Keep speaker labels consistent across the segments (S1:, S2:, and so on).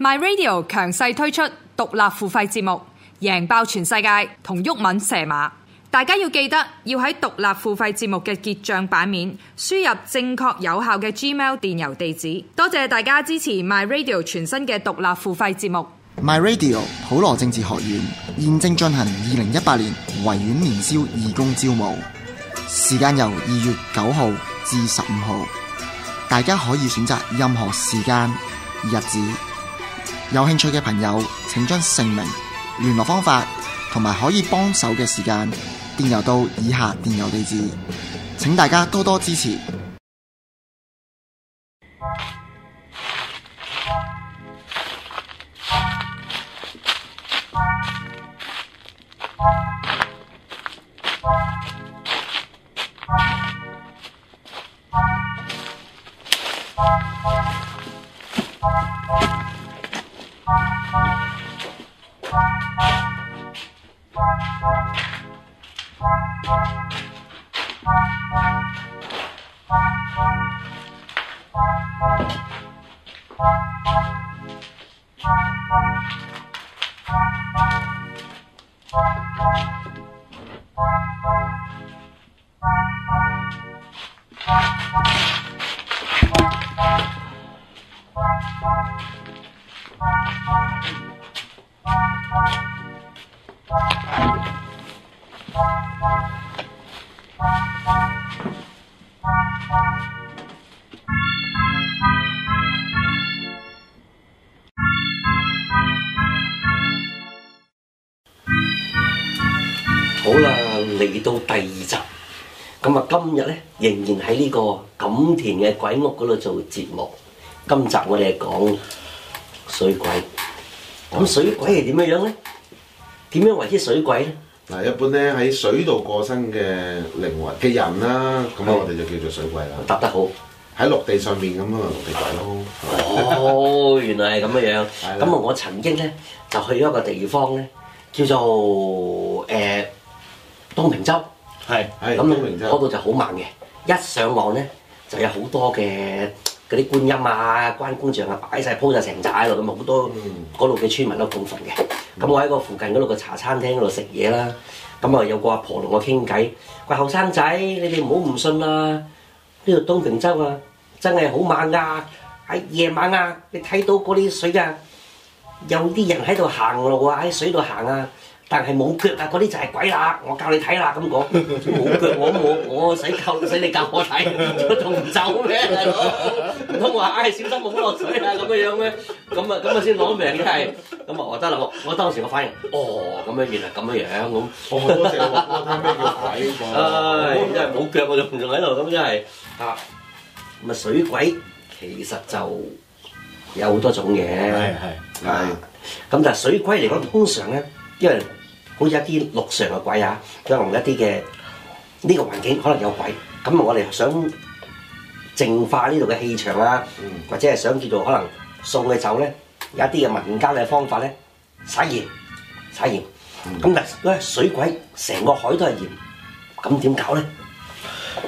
S1: My Radio 強勢推出獨立付費節目，贏爆全世界，同毓民蛇馬。大家要記得要喺獨立付費節目嘅結賬版面輸入正確有效嘅 Gmail 電郵地址。多謝大家支持 My Radio 全新嘅獨立付費節目。My Radio 普羅政治學院現正進行二零一八年維園年宵義工招募，時間由二月九號至十五號，大家可以選擇任何時間日子。有興趣嘅朋友，請將姓名、聯絡方法同埋可以幫手嘅時間電郵到以下電郵地址，請大家多多支持。
S2: 好啦，嚟到第二集，咁啊，今日咧仍然喺呢個錦田嘅鬼屋嗰度做節目。今集我哋講水鬼，咁水鬼係點樣樣咧？點樣為之水鬼
S3: 咧？嗱，一般咧喺水度過身嘅靈魂嘅人啦，咁我哋就叫
S2: 做水鬼啦。答得好，喺陸地上面咁樣啊，就陸地鬼咯。哦， 原來係咁樣樣。咁啊的，我曾經咧就去咗一個地方咧，叫做誒。呃東平洲，係，咁嗰度就好猛嘅，一上岸咧就有好多嘅嗰啲觀音啊、關公像啊，擺晒鋪晒成寨喺度，咁好、啊、多嗰度嘅村民都供奉嘅。咁、嗯、我喺個附近嗰度嘅茶餐廳嗰度食嘢啦，咁啊有個阿婆同我傾偈，喂，後生仔，你哋唔好唔信啦，呢度東平洲啊真係好猛噶、啊，喺、哎、夜晚啊，你睇到嗰啲水啊，有啲人喺度行路啊，喺水度行啊。但係冇腳㗎，嗰啲就係鬼啦！我教你睇啦，咁講冇腳，我冇我，我，我使教，使你教我睇，仲唔走咩？唔通話唉，小心冇落水啊咁嘅樣咩？咁啊咁啊先攞命。真係，咁啊我得啦，我當時我反應哦，咁樣原來咁樣樣，樣哦、我我都食我睇咩鬼唉、 哎，真係冇腳，我還還就唔仲喺度咁真係嚇。咪、啊、水鬼其實就有好多種嘢。係係係。咁但係水鬼嚟講，通常咧，因為好似一啲陸上嘅鬼啊，可能一啲嘅呢個環境可能有鬼，咁我哋想淨化呢度嘅氣場啦，嗯、或者係想叫做可能送佢走咧，有一啲嘅民間嘅方法咧，撒鹽、撒鹽，咁但係咧水鬼成個海都係鹽，咁點搞咧？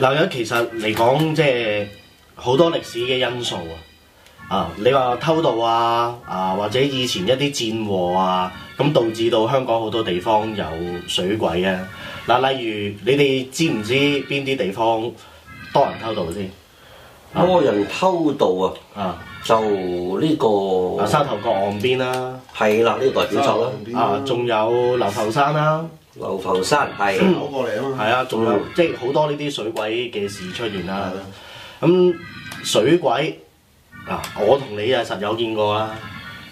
S2: 嗱，有其實嚟
S1: 講，即係好多歷史嘅因素啊，啊，你話偷渡啊，啊或者以前一啲戰禍啊。咁導致到香港好多地方有水鬼啊！嗱、啊，例如你哋知唔知邊啲地方多人
S2: 偷渡先？多人偷渡啊！啊就呢、呢個沙、啊、頭角岸邊啦、啊，係啦，呢、呢個代表作啦。啊，仲有流浮山啦，
S1: 流浮山係啊，仲有即係好多呢啲水鬼嘅事出現啦。咁水鬼啊，我同你啊實有見過啦。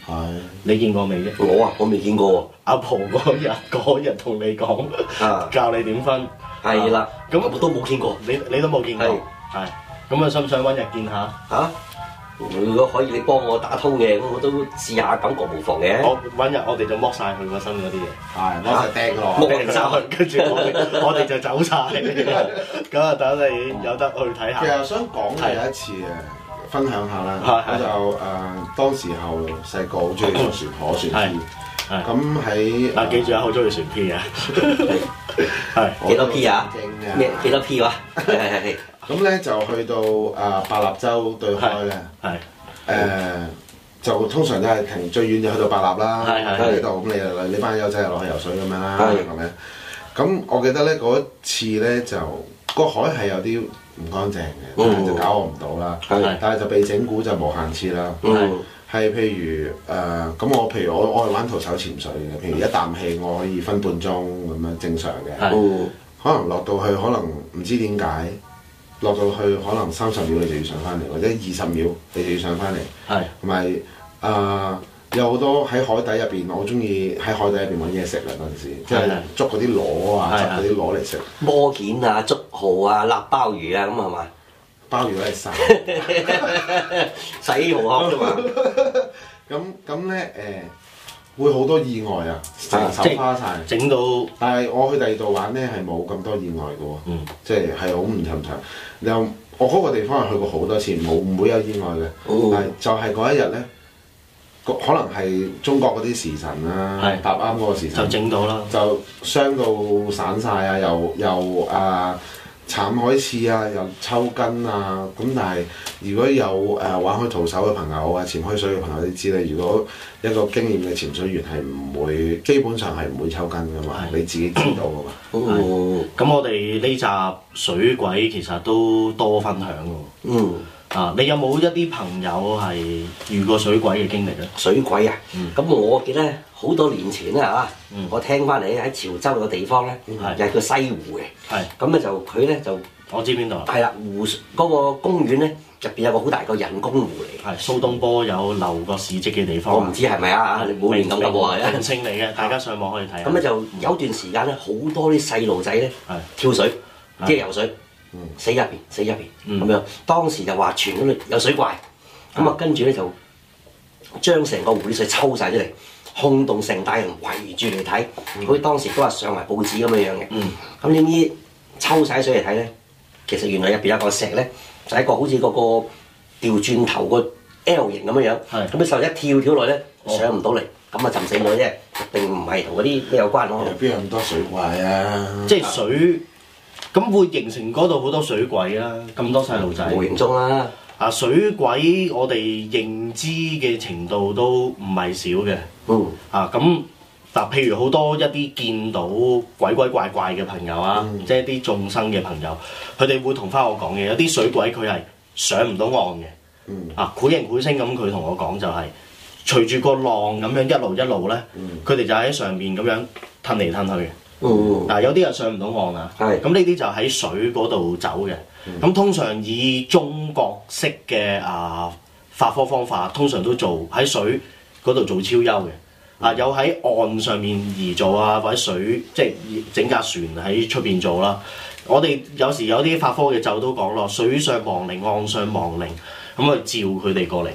S1: 係，你見過未啫？我啊，我未見過。阿婆嗰日嗰日同你講，教你點分，係啦。咁我都冇見過，你你都冇見過，係。咁啊，想唔想搵日見下？吓？如果可以，你幫我打通嘅，我都試下感覺冇妨嘅。我搵日，我哋就剝晒佢個身嗰啲嘢，係，我就掟落，掟晒去，跟住我我哋就走晒，咁啊等你有得去睇下。其實想講第一
S3: 次嘅。分享下啦，我就誒當時候細個好中意坐船河船 P，咁喺嗱記住啊，好中意船 P 嘅，係幾多 P 啊？幾多 P 哇？咁咧就去到誒百立洲對開咧，係誒就通常都係停最遠就去到百立啦，喺度咁你你班友仔又落去游水咁樣啦，係咪？咁我記得咧嗰一次咧就個海係有啲唔乾淨嘅，但係就搞我唔到啦。Okay. 但係就被整蠱就無限次啦。係，譬如誒，咁、呃、我譬如我我係玩徒手潛水嘅，譬如一啖氣我可以分半鐘咁樣正常嘅。Okay. 可能落到去可能唔知點解，落到去可能三十秒你就要上翻嚟，或者二十秒你就要上翻嚟。係 Okay.、就係，同埋啊。有好多喺海底入邊，我中意喺海底入邊揾嘢食啦嗰陣時，即係捉
S2: 嗰啲螺啊，執嗰啲螺嚟食。摸蜆啊，竹蠔啊，辣鮑魚啊，咁係嘛？鮑魚都係細細魚紅殼㗎嘛？
S3: 咁咁咧誒，會好多意外啊！手花晒。整到。但係我去第二度玩咧，係冇咁多意外嘅喎。即係係好唔尋常。又我嗰個地方係去過好多次，冇唔會有意外嘅。哦，係就係嗰一日咧。可能係中國嗰啲時辰啦，是答啱嗰個時辰就整到啦，就傷到散晒啊，又又啊、呃，慘海刺啊，又抽筋啊，咁但係如果有誒、呃、玩開徒手嘅朋友啊，潛開水嘅朋友你知啦，
S1: 如果一個經驗嘅潛水員係唔會，基本上係唔會抽筋噶嘛，是你自己知道噶嘛。咁、 嗯、我哋呢集水鬼其實都多
S2: 分享喎。嗯。啊！你有冇一啲朋友係遇過水鬼嘅經歷咧？水鬼啊！咁我記得好多年前啊，我聽翻嚟喺潮州個地方咧，又係個西湖嘅。咁咧就佢咧就我知邊度？係啦，湖嗰個公園咧入邊有個好大個人工湖嚟，蘇東坡有留過市跡嘅地方。我唔知係咪啊！冇亂噉講喎，有清理嘅，大家上網可以睇。咁咧就有段時間咧，好多啲細路仔咧跳水，即係游水。死入邊，死入邊咁樣。當時就話傳咗度有水怪，咁啊跟住咧就將成個湖水抽晒出嚟，轟動成大，人圍住嚟睇。佢當時都話上埋報紙咁嘅樣嘅。咁呢啲抽晒水嚟睇咧，其實原來入邊有個石咧，就係一個好似嗰個調轉頭個 L 型咁樣樣。係咁啲受一跳跳落咧，上唔到嚟，咁啊浸死我啫。並唔係同嗰啲咩有關咯。邊有咁多水怪啊？即係水。咁會形成嗰度好多水鬼啦、啊，咁
S1: 多細路仔無形中啦、啊。啊，水鬼我哋認知嘅程度都唔係少嘅。嗯、哦。啊，咁嗱，譬如好多一啲見到鬼鬼怪怪嘅朋友啊，嗯、即係一啲眾生嘅朋友，佢哋會同翻我講嘅，有啲水鬼佢係上唔到岸嘅。嗯。啊，繪形繪聲咁，佢同我講就係隨住個浪咁樣一路一路咧，佢哋、嗯、就喺上面咁樣吞嚟吞去。嗱、嗯啊，有啲人上唔到岸啊，咁呢啲就喺水嗰度走嘅。咁、嗯、通常以中國式嘅啊發科方法，通常都做喺水嗰度做超幽嘅。嗯、啊，有喺岸上面移做啊，或者水即係整架船喺出邊做啦。我哋有時有啲發科嘅就都講咯，水上亡靈，岸上亡靈，咁去召佢哋過嚟。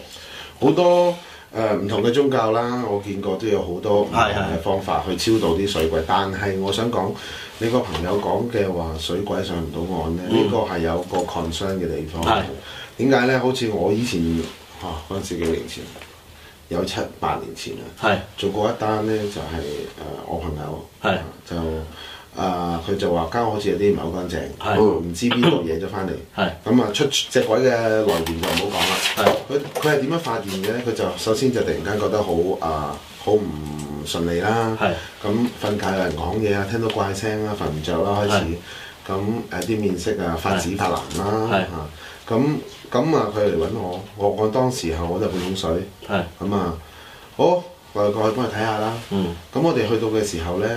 S1: 好多。誒唔、
S3: 呃、同嘅宗教啦，我見過都有好多唔同嘅方法去超渡啲水鬼，是是是但係我想講你個朋友講嘅話，水鬼上唔到岸呢，呢、嗯、個係有一個 concern 嘅地方。點解是呢？好似我以前嚇嗰陣時幾年前，有七八年前啦，是做過一單呢，就係、是、誒、呃、我朋友是、啊、就。啊！佢就話間屋好似有啲唔係好乾淨，唔知邊度嘢咗翻嚟。咁啊出隻鬼嘅來源就唔好講啦。佢佢係點樣發現嘅呢？佢就首先就突然間覺得好啊好唔順利啦。咁瞓覺有人講嘢啊，聽到怪聲啦，瞓唔着啦開始。咁誒啲面色啊，發紫發藍啦。咁咁啊，佢嚟揾我，我我當時候我就半桶水。咁啊，好，我哋過去幫佢睇下啦。咁我哋去到嘅時候呢。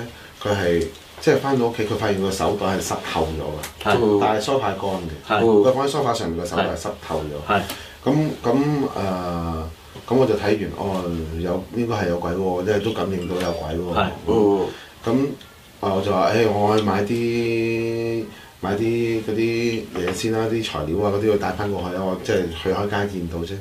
S3: 佢係即係翻到屋企，佢發現個手袋係濕透咗嘅，但係的梳化乾嘅。佢的放喺梳化上面個手袋濕透咗。咁咁誒，咁、呃、我就睇完，哦，有應該係有鬼喎，哦，即係都感應到有鬼喎。咁啊，我就話，誒，我去買啲買啲嗰啲嘢先啦，啲材料啊，嗰啲要帶翻過去啊。我即係去開街見到啫。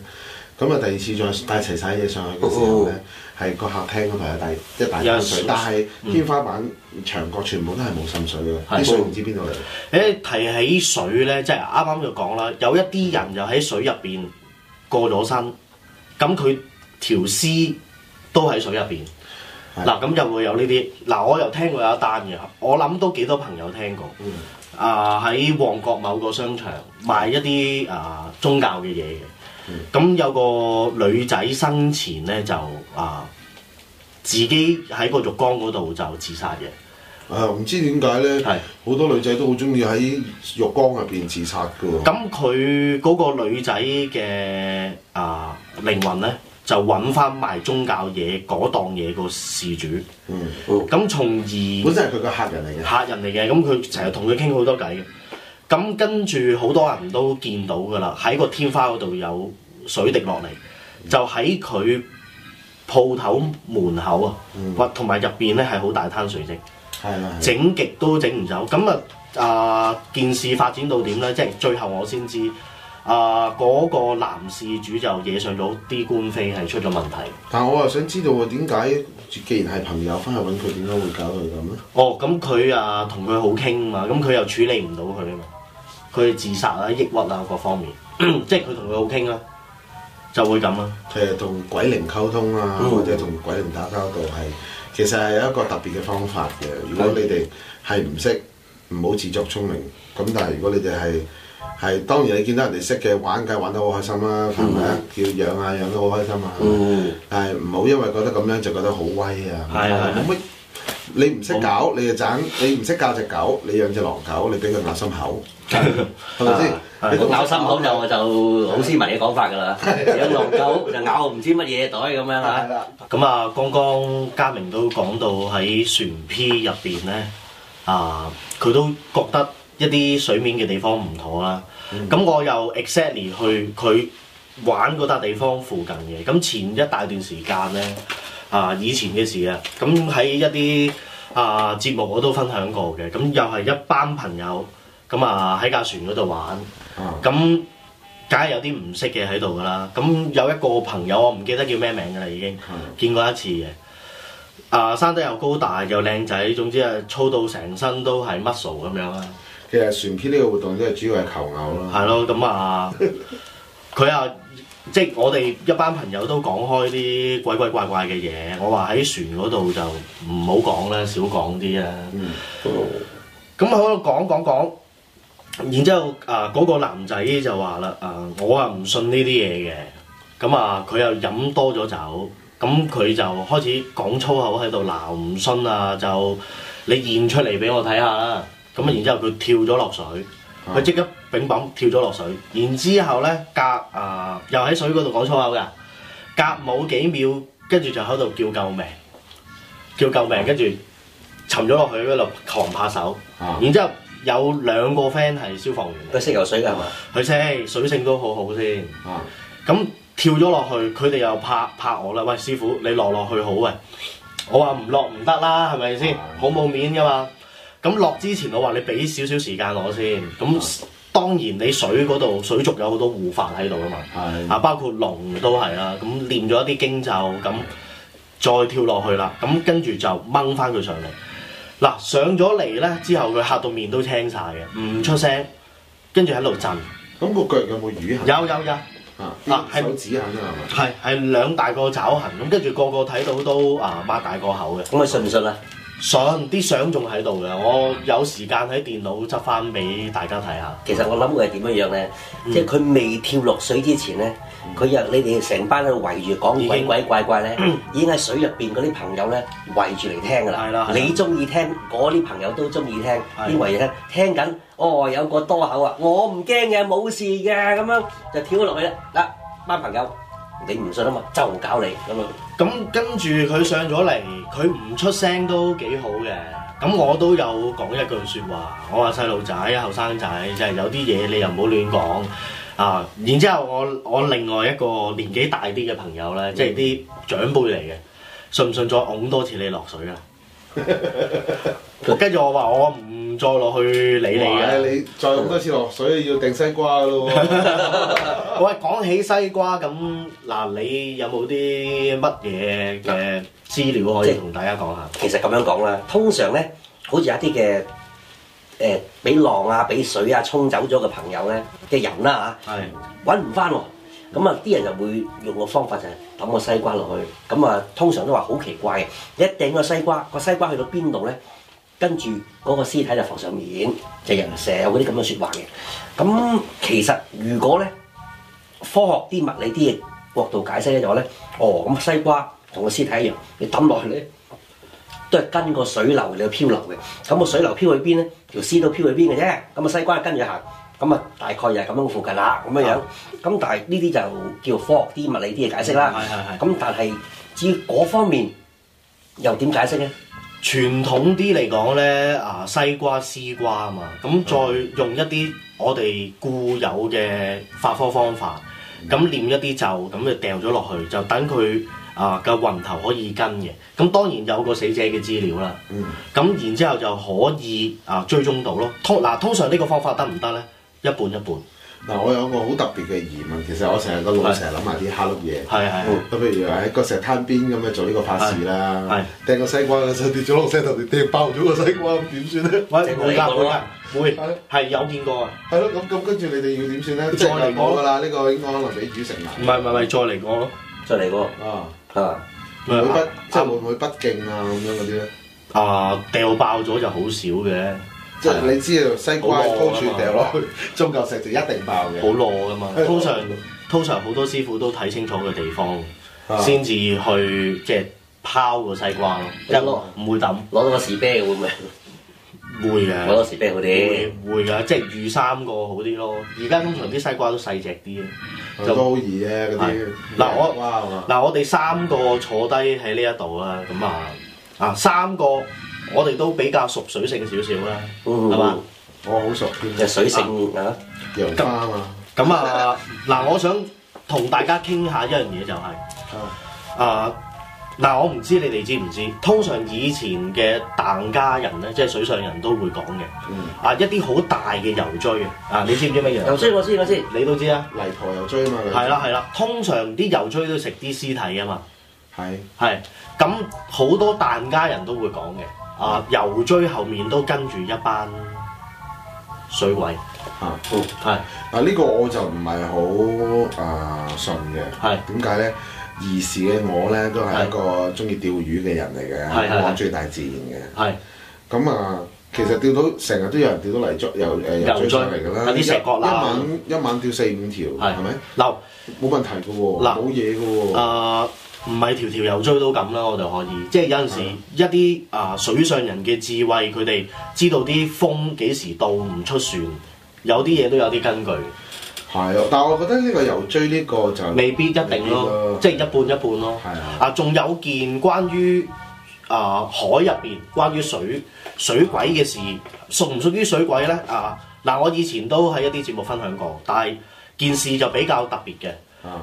S3: 咁啊，第二次再帶齊晒嘢上去嘅時候咧。係個客廳嗰度有大一、
S1: 即係、大桶水，嗯、但係天花板牆、嗯、角全部都係冇滲水嘅，啲的水唔知邊度嚟。誒、欸，提起水咧，即係啱啱就講啦，有一啲人就喺水入邊過咗身，咁佢條屍都喺水入邊。嗱、嗯，咁、嗯啊、就會有呢啲。嗱、啊，我又聽過有一單嘅，我諗都幾多朋友聽過。嗯、啊，喺旺角某個商場賣一啲啊宗教嘅嘢嘅。咁有個女仔生，生前咧就啊、呃，自己喺個浴缸嗰度就自殺嘅。啊，唔知點解咧？好係多女仔都好中意喺浴缸入邊自殺嘅。咁佢嗰個女仔嘅啊靈魂咧，就揾翻賣宗教嘢嗰檔嘢個事主。嗯，咁、哦、從而本身係佢個客人嚟嘅，客人嚟嘅。咁佢成日同佢傾好多偈嘅。咁跟住好多人都見到㗎啦，喺個天花嗰度有水滴落嚟，就喺佢鋪頭門口啊，或同埋入邊咧係好大攤水漬，係啦，整極都整唔走。咁啊啊，件事發展到點咧？即係最後我先知啊，嗰，呃，嗰個男事主就惹上咗啲官非，係出咗問題。但係我又想知道啊，點解既然係朋友，翻去揾佢點解會搞到係咁咧？哦，咁佢啊同佢好傾啊嘛，咁佢又處理唔到佢啊嘛。佢自殺啊、抑鬱啊，各方面，即係佢同佢好傾啦，就會咁啊。係啊，
S3: 同鬼靈溝通啊，或者同鬼靈打交道係，其實係有一個特別嘅方法嘅。如果你哋係唔識，唔好自作聰明。咁但係如果你哋係係，當然你見到人哋識嘅玩梗玩得好開心啦，係咪啊？叫養啊，養得好開心啊。但係唔好因為覺得咁樣就覺得好威啊。係啊，你唔識搞，你就盞你唔識教隻狗，你養隻狼狗，你俾佢咬心口。
S2: 係咪先？咬心口就我就好斯文嘅講法㗎啦。有狼狗就咬唔知乜嘢袋咁樣
S1: 嚇。咁啊，剛剛珈名都講到喺船 P 入邊咧，啊，佢都覺得一啲水面嘅地方唔妥啦。咁、mm hmm. 我又 exactly 去佢玩嗰笪地方附近嘅。咁前一大段時間咧，啊，以前嘅事啊。咁喺一啲啊節目我都分享過嘅。咁又係一班朋友。咁啊喺架船嗰度玩，咁梗係有啲唔識嘅喺度噶啦。咁有一個朋友我唔記得叫咩名噶啦已經，見過一次嘅。啊，生得又高大又靚仔，總之啊粗到成身都係 muscle 咁樣啦。其實船 P 呢個活動即係主要係求偶咯。係咯，嗯，咁啊，佢 啊，即、就、係、是、我哋一班朋友都講開啲鬼鬼怪怪嘅嘢。我話喺船嗰度就唔好講啦，少講啲啦。嗯。咁可唔可以講講講？講講講講。然之後啊，嗰、呃那個男仔就話啦、呃嗯，啊，我啊唔信呢啲嘢嘅，咁啊，佢又飲多咗酒，咁、嗯、佢就開始講粗口喺度鬧唔信啊，就你現出嚟俾我睇下啦，咁、嗯、啊，然之後佢跳咗落水，佢即、嗯、刻乒乓跳咗落水，然之後咧隔啊、呃、又喺水嗰度講粗口噶，隔冇幾秒，跟住就喺度叫救命，叫救命，跟住沉咗落去喺度狂拍手，嗯、然之後。有兩個 friend 係消防員，佢識游水㗎係嘛？佢識，水性都好好先。啊、嗯，咁跳咗落去，佢哋又拍拍我啦。喂，師傅，你落落去好喂，哦、我話唔落唔得啦，係咪先？好冇、嗯、面㗎嘛。咁落之前，我話你俾少少時間我先。咁、嗯、當然你水嗰度水族有好多護法喺度㗎嘛。係、嗯。啊，包括龍都係啦。咁念咗一啲經咒，咁再跳落去啦。咁跟住就掹翻佢上嚟。嗱，上咗嚟咧之後，佢嚇到面都青晒嘅，唔、嗯、出聲，跟住喺度震。咁個腳有冇魚有有啊？有有有。啊啊，係冇趾痕係嘛？係係是兩大個爪痕，咁跟住個個睇到都啊擘大個口嘅。咁你信唔信啊？信。啲相仲喺度
S2: 嘅，我有時間喺電腦執翻俾大家睇下。其實我諗佢係點樣樣咧，嗯、即係佢未跳落水之前咧，佢又、嗯、你哋成班喺度圍住講鬼鬼怪怪咧，嗯、已經喺水入邊嗰啲朋友咧圍住嚟聽噶啦。嗯、你中意聽，我啲、嗯、朋友都中意聽，都圍住聽。聽緊、嗯，哦有個多口啊，我唔驚嘅，冇事嘅，咁樣就跳咗落去啦。嗱、啊，班朋友，你唔信啊嘛，就教你咁樣。
S1: 咁跟住佢上咗嚟，佢唔出聲都幾好嘅。咁我都有講一句説話，我話細路仔，後生仔，即係有啲嘢你又唔好亂講啊。然之後我我另外一個年紀大啲嘅朋友咧，即係啲長輩嚟嘅，信唔信再拱多次你落水啊？ 跟住我話：我唔再落去理你嘅，你再咁多次落水要掟西瓜咯喂，講 起西瓜咁，嗱，你有冇啲乜嘢
S2: 嘅資料可以同大家講下其？其實咁樣講啦，通常咧，好似有一啲嘅誒，俾、呃、浪啊、俾水啊沖走咗嘅朋友咧嘅人啦嚇，係揾唔翻喎。咁啊，啲人就會用個方法就係抌個西瓜落去。咁啊，通常都話好奇怪嘅，一掟個西瓜，個西瓜去到邊度咧？跟住嗰，那個屍體就浮上面，成，就是，人成有嗰啲咁嘅説話嘅。咁其實如果咧，科學啲物理啲嘅角度解釋咧就咧，嗯、哦咁西瓜同個屍體一樣，你抌落去咧，都係跟個水流嚟漂流嘅。咁個水流漂去邊咧？條屍都漂去邊嘅啫。咁啊西瓜跟住行，咁啊大概又係咁樣附近啦，咁嘅樣。咁、嗯、但係呢啲就叫科學啲物理啲嘅解釋啦。咁、嗯、但係至於嗰方面又點解釋咧？傳統啲嚟講咧，
S1: 啊西瓜絲瓜啊嘛，咁再用一啲我哋固有嘅發科方法，咁念一啲咒咁就掉咗落去，就等佢啊嘅雲頭可以跟嘅。咁當然有個死者嘅資料啦，咁、嗯、然之後就可以啊追蹤到咯。通嗱、啊、通常呢個方法得唔得咧？一半一半。嗱，我有
S3: 個好特別嘅疑問，其實我成日個腦成日諗埋啲蝦碌嘢，咁譬如話喺個石灘邊咁樣做呢個拍攝啦，掟個西瓜就跌咗落石頭，掟爆咗個西瓜點算咧？會唔會啊？會，係有見過啊？係咯，咁咁跟住你哋要點算咧？再嚟過啦，呢個應該可能俾煮成辦。唔係唔係，再嚟過咯，再嚟
S1: 過。啊啊，會不即係會唔
S3: 會不敬啊？咁樣嗰啲咧？啊，掉爆咗就好
S1: 少嘅。你知道西瓜喺高處掉落去，中嚿石就一定爆嘅。好爛㗎嘛。通常通常好多師傅都睇清楚個地方，先至去即係拋個西瓜咯。一落唔會抌，攞到個士啤會唔會？會嘅。攞到士啤好啲。會嘅，即係預三個好啲咯。而家通常啲西瓜都細隻啲，就都好易啊嗰啲。嗱我嗱我哋三個坐低喺呢一度啦，咁啊啊三個。我哋都比較熟水性少少啦，係嘛？我好熟，係水性啊，油家嘛。咁啊，嗱，我想同大家傾下一樣嘢，就係啊，嗱，我唔知你哋知唔知，通常以前嘅疍家人咧，即係水上人都會講嘅，啊，一啲好大嘅油椎啊，你知唔知乜嘢？油椎，我知，我知，你都知啊，泥婆油椎啊嘛。係啦，係啦，通常啲油椎都食啲屍體啊嘛。係。係，咁好多疍家人都會講嘅。啊！遊艇後面都跟住一班水鬼，啊，係，嗱呢個我就
S3: 唔係好啊信嘅，係點解咧？兒時嘅我咧都係一個中意釣魚嘅人嚟嘅，我中意大自然嘅，係咁啊！其實釣到成日都有人釣到泥鯭，由誒遊艇上嚟㗎啦，啲石角啦，一晚一晚釣四
S1: 五條，係咪？嗱，冇問題嘅喎，冇嘢嘅喎。唔係條條遊追都咁啦，我哋可以，即係有陣時一啲的啊水上人嘅智慧，佢哋知道啲風幾時到，唔出船，有啲嘢都有啲根據。係，但係我覺得呢個遊追呢個就未必一定咯，即係一半一半咯。係的啊，啊仲有件關於啊海入邊關於水水鬼嘅事，屬唔屬於水鬼咧？啊嗱，我以前都喺一啲節目分享過，但係件事就比較特別嘅。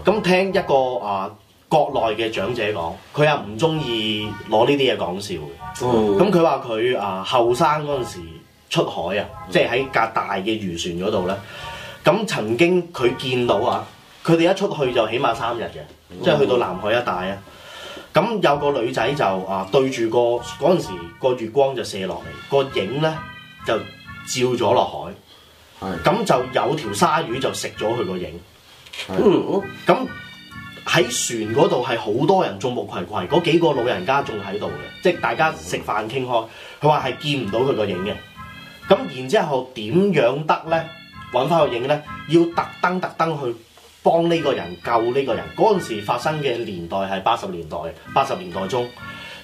S1: 咁、啊、聽一個啊。國內嘅長者講，佢又唔中意攞呢啲嘢講笑嘅。咁佢話佢啊，後生嗰陣時出海、嗯、啊，即係喺架大嘅漁船嗰度咧。咁曾經佢見到啊，佢哋一出去就起碼三日嘅，嗯、即係去到南海一帶啊。咁有個女仔就啊，對住個嗰陣時個月光就射落嚟，個影咧就照咗落海。咁是就有條鯊魚就食咗佢個影是嗯。嗯，咁、嗯。嗯。喺船嗰度係好多人眾目睽睽，嗰幾個老人家仲喺度嘅，即係大家食飯傾開。佢話係見唔到佢個影嘅。咁然之後點樣得咧？揾翻個影咧？要特登特登去幫呢個人救呢個人。嗰陣時發生嘅年代係八十年代，八十年代中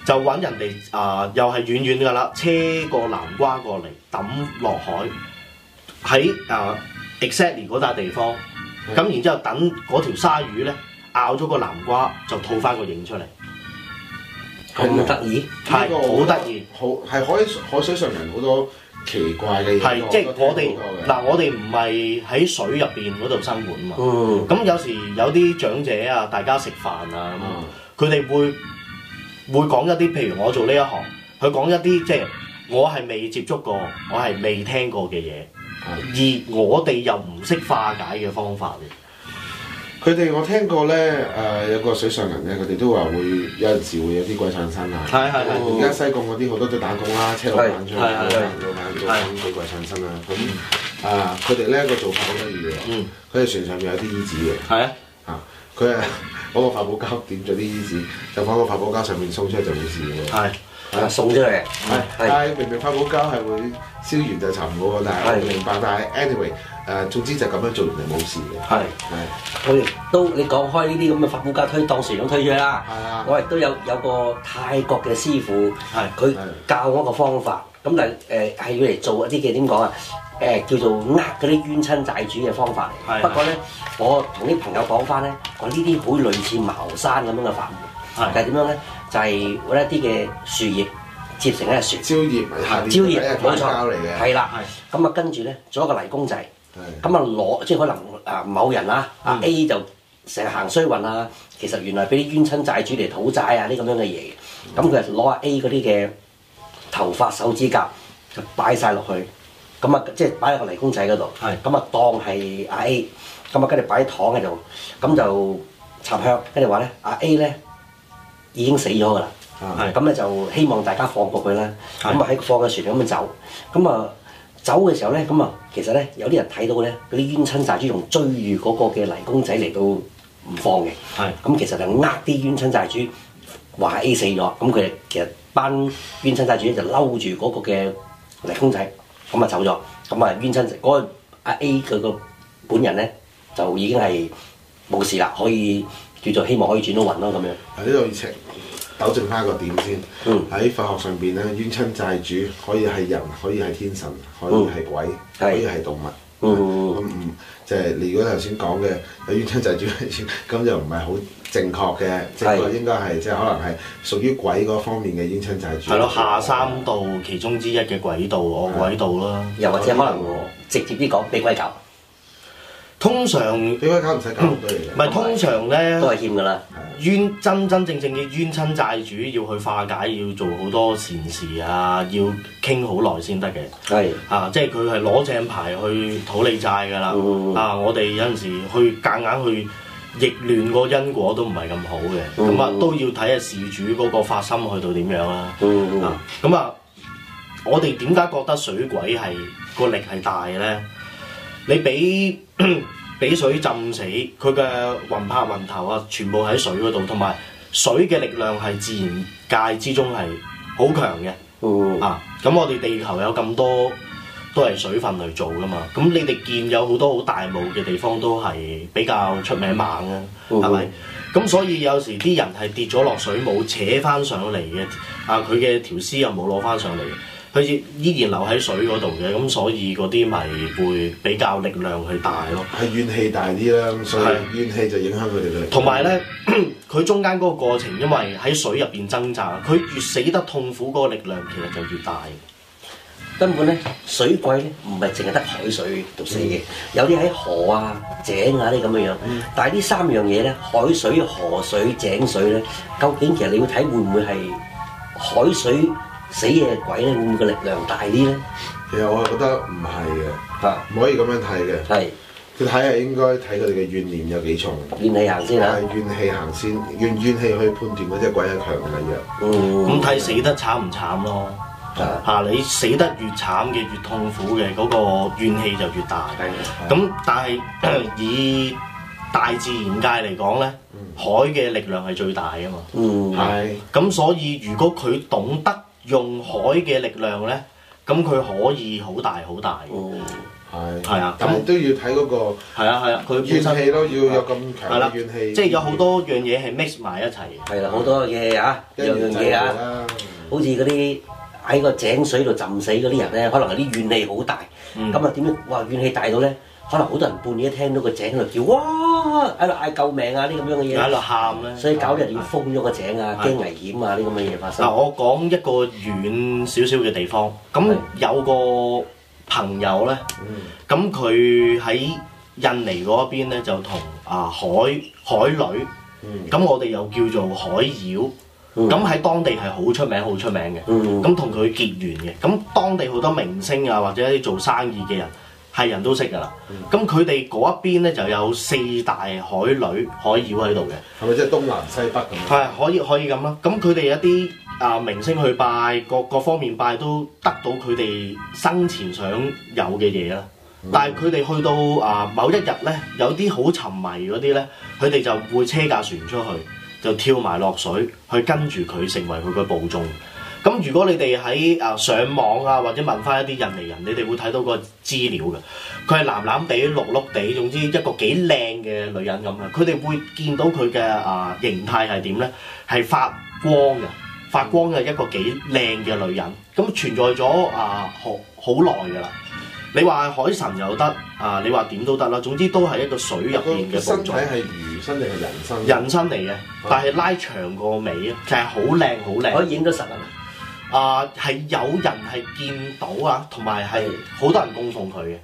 S1: 就揾人哋啊、呃，又係遠遠㗎啦，車個南瓜過嚟抌落海，喺啊 e x c e 嗰笪地方。咁然之後等嗰條鯊魚咧。咬咗個南瓜就吐翻個影出嚟，
S2: 咁得意係好得意，
S1: 好係海，海水上人好多奇怪嘅嘢。係即係我哋嗱、呃，我哋唔係喺水入邊嗰度生活嘛。咁、嗯、有時有啲長者啊，大家食飯啊，咁佢哋會會講一啲，譬如我做呢一行，佢講一啲即係我係未接觸過，我係未聽過嘅嘢，嗯、而我哋又唔識化解嘅方法嚟。
S3: 佢哋我聽過咧，誒、呃、有個水上人咧，佢哋都話會有陣時會有啲鬼上身啊。係係係。而家西貢嗰啲好多都打工啦，車老闆出去，啦，老闆做咁鬼鬼上身啊。咁啊，佢哋咧個做法好得意嘅，佢喺、嗯、船上面有啲衣紙嘅。係啊。啊，佢啊嗰個發泡膠點著啲衣紙，就放個發泡膠上面送出嚟就冇事嘅喎。是的送出嚟，係是，係是明明發泡膠係會燒完就沉嗰個，但係我明白，是但係 anyway，誒，總之就咁樣做完就冇事嘅，係是，
S2: 佢亦是都你講開呢啲咁嘅發泡膠推，當時已經推出啦，啊、我亦都有有個泰國嘅師傅，係是，佢教我一個方法，咁但係誒係要嚟做一啲嘅點講啊，誒、呃、叫做呃嗰啲冤親債主嘅方法嚟，是不過咧我同啲朋友講翻咧，我呢啲好以類似茅山咁樣嘅法門，係是，但係點樣咧？就係攞一啲嘅樹葉，摺成一個樹。蕉葉係啲，冇錯嚟嘅，係啦。咁啊，跟住咧，做一個泥公仔。咁啊，攞即係可能啊，某人啦，阿 A 就成日行衰運啊。其實原來俾啲冤親債主嚟討債啊，啲咁樣嘅嘢。咁佢就攞阿 A 嗰啲嘅頭髮、手指甲，就擺晒落去。咁啊，即係擺喺個泥公仔嗰度。係。咁啊，當係阿 A。咁啊，跟住擺啲糖喺度。咁就插香，跟住話咧，阿 A 咧。已經死咗㗎啦，咁咧、嗯、就希望大家放過佢啦。咁啊喺放嘅船咁樣走，咁啊走嘅時候咧，咁啊其實咧有啲人睇到咧，嗰啲冤親債主仲追住嗰個嘅泥公仔嚟到唔放嘅，咁是其實就呃啲冤親債主話 A 死咗，咁佢哋其實班冤親債主咧就嬲住嗰個嘅泥公仔，咁啊走咗，咁啊冤親嗰、嗰個阿 A 佢個本人咧就已經係冇事啦，可以。叫做希望可以轉到運咯，咁樣。喺呢度疫情
S3: 糾正翻個點先。嗯。喺法學上邊咧冤親債主可以係人，可以係天神，可以係鬼，嗯、可以係動物。嗯嗯即係、就是、你如果頭先講嘅有冤親債主，咁 就唔係好正確嘅。正確應該係即係可能係屬於鬼嗰方面嘅冤親債主、嗯。係咯、嗯，下
S1: 三道其中之一嘅鬼道，餓鬼道啦。嗯嗯、又或者可能我直接啲講，俾鬼搞。通常點解搞唔使搞咁多，唔係通常咧，都係欠㗎啦。冤真真正正嘅冤親債主要去化解，要做好多善事啊，要傾好耐先得嘅。係啊，即係佢係攞正牌去討利債㗎啦。啊，我哋有陣時去夾硬去逆亂個因果都唔係咁好嘅。咁啊，都要睇下事主嗰個發心去到點樣啦。咁啊，我哋點解覺得水鬼係個力係大嘅咧？你俾俾 水浸死，佢嘅魂魄魂頭啊，全部喺水嗰度，同埋水嘅力量係自然界之中係好強嘅。嗯、啊，咁我哋地球有咁多都係水分嚟做噶嘛。咁你哋見有好多好大霧嘅地方都係比較出名猛啊，係咪？嗯？咁、嗯、所以有時啲人係跌咗落水冇扯翻上嚟嘅，啊佢嘅條絲又冇攞翻上嚟。佢依依然留喺水嗰度嘅，咁所以嗰啲咪會比較力量去大咯，佢怨氣大啲啦，所以怨氣就影響佢哋嘅力量。同埋咧，佢中間嗰個過程，因為喺水入邊掙扎，佢越死得痛苦，嗰個力量其實就越大。根本
S2: 咧，水鬼咧唔係淨係得海水度死嘅，嗯、有啲喺河啊、井啊啲咁嘅樣。嗯、但係呢三樣嘢咧，海水、河水、井水咧，究竟其實你要睇會唔會係海水，死嘅鬼咧，會唔會個力量大啲咧？
S3: 其實我係覺得唔係嘅，唔可以咁樣睇嘅。係佢睇下應該睇佢哋嘅怨念有幾重，怨氣行先啦。係怨氣行先，怨怨氣去判斷嗰隻鬼係強定係弱。嗯，咁睇死
S1: 得慘唔慘咯？啊，你死得越慘嘅，越痛苦嘅，嗰個怨氣就越大。咁但係以大自然界嚟講咧，海嘅力量係最大噶嘛。嗯，係。咁所以如果佢懂得，用海嘅力量咧，咁佢可以好大好大嘅，係、哦，係啊，咁都要睇嗰個，係啊係啊，佢、啊、怨氣氣咯，要有咁強嘅怨氣，即係有
S2: 好多樣嘢係 mix 埋一齊，係啦、啊，好多嘢對啊，一樣樣嘢啊，好似嗰啲喺個井水度浸死嗰啲人咧，可能有啲怨氣好大，咁啊點樣？話，怨氣大到咧！可能好多人半夜聽到個井喺度叫，哇！喺度嗌救命啊！啲咁樣嘅嘢，喺度喊咧，所以搞到人哋要封咗個井啊，驚危險啊！啲咁嘅嘢發生。嗱，我講一個遠少少嘅地方，咁有個
S1: 朋友咧，咁佢喺印尼嗰一邊咧，就同啊海海女，咁我哋又叫做海妖，咁喺當地係好出名、好出名嘅。咁同佢結緣嘅，咁當地好多明星啊，或者啲做生意嘅人。係人都識噶啦，咁佢哋嗰一邊咧就有四大海女、海妖喺度嘅，係咪即係東南西北咁？係可以可以咁啦。咁佢哋一啲啊、呃、明星去拜，各各方面拜都得到佢哋生前想有嘅嘢啦。嗯、但係佢哋去到啊、呃、某一日咧，有啲好沉迷嗰啲咧，佢哋就會車架船出去，就跳埋落水去跟住佢成為佢個保眾。咁如果你哋喺啊上網啊或者問翻一啲印尼人，你哋會睇到個資料嘅，佢係藍藍地、綠綠地，總之一個幾靚嘅女人咁嘅。佢哋會見到佢嘅啊形態係點咧？係發光嘅，發光嘅一個幾靚嘅女人。咁存在咗啊、呃、好好耐噶啦。你話海神又得啊、呃？你話點都得啦。總之都係一個水入邊嘅存在。個身體係魚身定係人身？人身嚟嘅，但係拉長個尾啊，就係好靚好靚。我影咗實物。啊，係、呃、有人係見到啊，同埋係好多人供奉佢嘅，咁、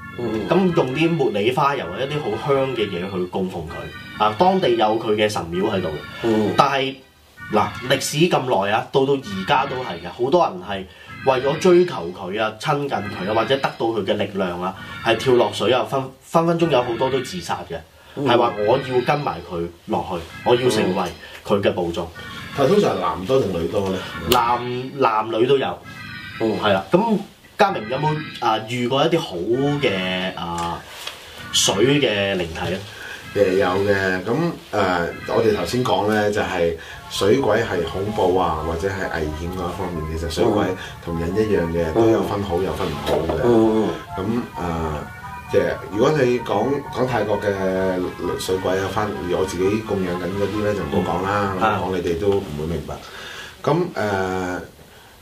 S1: 嗯、用啲茉莉花油啊，一啲好香嘅嘢去供奉佢。啊，當地有佢嘅神廟喺度，嗯、但係嗱歷史咁耐啊，到到而家都係嘅，好多人係為咗追求佢啊、親近佢啊，或者得到佢嘅力量啊，係跳落水啊，分分分鐘有好多都自殺嘅，係話、嗯、我要跟埋佢落去，我要成為佢嘅部眾。嗯嗯係通常係男多定女多咧？男男女都有，係啦。咁嘉明有冇啊遇過一啲好嘅啊水嘅靈體
S3: 咧？誒有嘅。咁誒我哋頭先講咧就係水鬼係恐怖啊，或者係危險嗰一方面。其實水鬼同人一樣嘅，都有分好有分唔好嘅。咁誒。Yeah. 如果你講講泰國嘅水鬼啊，反而我自己供養緊嗰啲咧，就唔好講啦，講、嗯、你哋都唔會明白。咁誒、呃、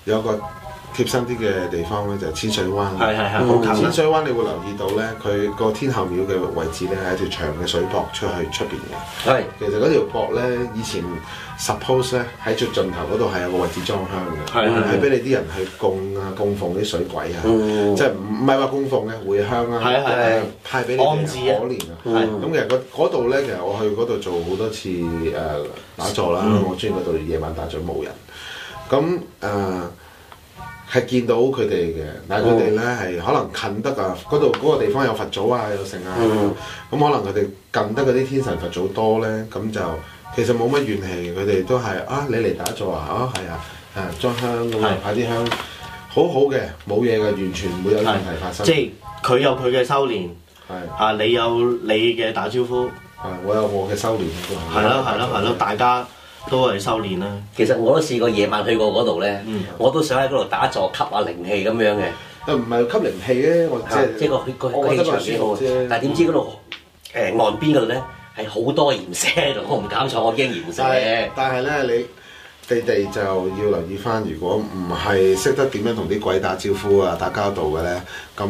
S3: 有個。貼身啲嘅地方咧就淺水灣，係係係好近啦。淺水灣你會留意到咧，佢個天后廟嘅位置咧係一條長嘅水壆出去出邊嘅。係，其實嗰條壆咧以前 suppose 咧喺最盡頭嗰度係有個位置裝香嘅，係係俾你啲人去供啊供奉啲水鬼啊，即係唔唔係話供奉嘅回鄉啊，係派俾你安置啊，可憐啊。咁，其實嗰度咧，其實我去嗰度做好多次誒打坐啦，我中意嗰度夜晚打坐冇人。咁誒。係見到佢哋嘅，但係佢哋咧係可能近得啊，嗰度嗰個地方有佛祖啊，有聖啊，咁、嗯、可能佢哋近得嗰啲天神佛祖多咧，咁就其實冇乜怨氣，佢哋都係啊，你嚟打坐
S1: 啊，啊係啊，啊裝香咁派啲香，是好好嘅，冇嘢嘅，完全唔會有問題發生。即係佢有佢嘅修練，啊是你有你嘅打招
S2: 呼，啊我有我嘅修練，係咯係咯係咯，大家。都係修練啦。其實我都試過夜晚去過嗰度咧，我都想喺嗰度打坐吸下靈氣咁樣嘅。誒，唔係吸靈氣咧，我即係即係個鬼鬼氣場幾好。但係點知嗰度誒岸邊嗰度咧係好多岩石，我唔敢坐，我驚岩石。但係但係咧，你你
S3: 哋就要留意翻，如果唔係識得點樣同啲鬼打招呼啊、打交道嘅咧，咁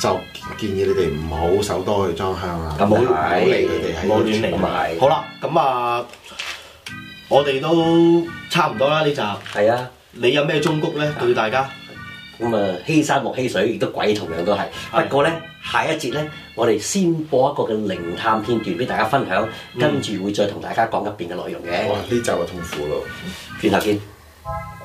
S3: 就建議你哋唔好手多去裝香啦。唔好理佢哋，係唔好亂嚟。埋。好啦，
S1: 咁啊。我哋都差唔多
S2: 啦呢集，係啊，你有咩忠告咧，啊，對大家？咁啊，欺山莫欺水，亦都鬼同樣都係。啊、不過咧，下一節咧，我哋先播一個嘅靈探片段俾大家分享，跟住、嗯、會再同大家講入邊嘅內容嘅。哇，呢集就痛苦咯。轉、嗯、頭見。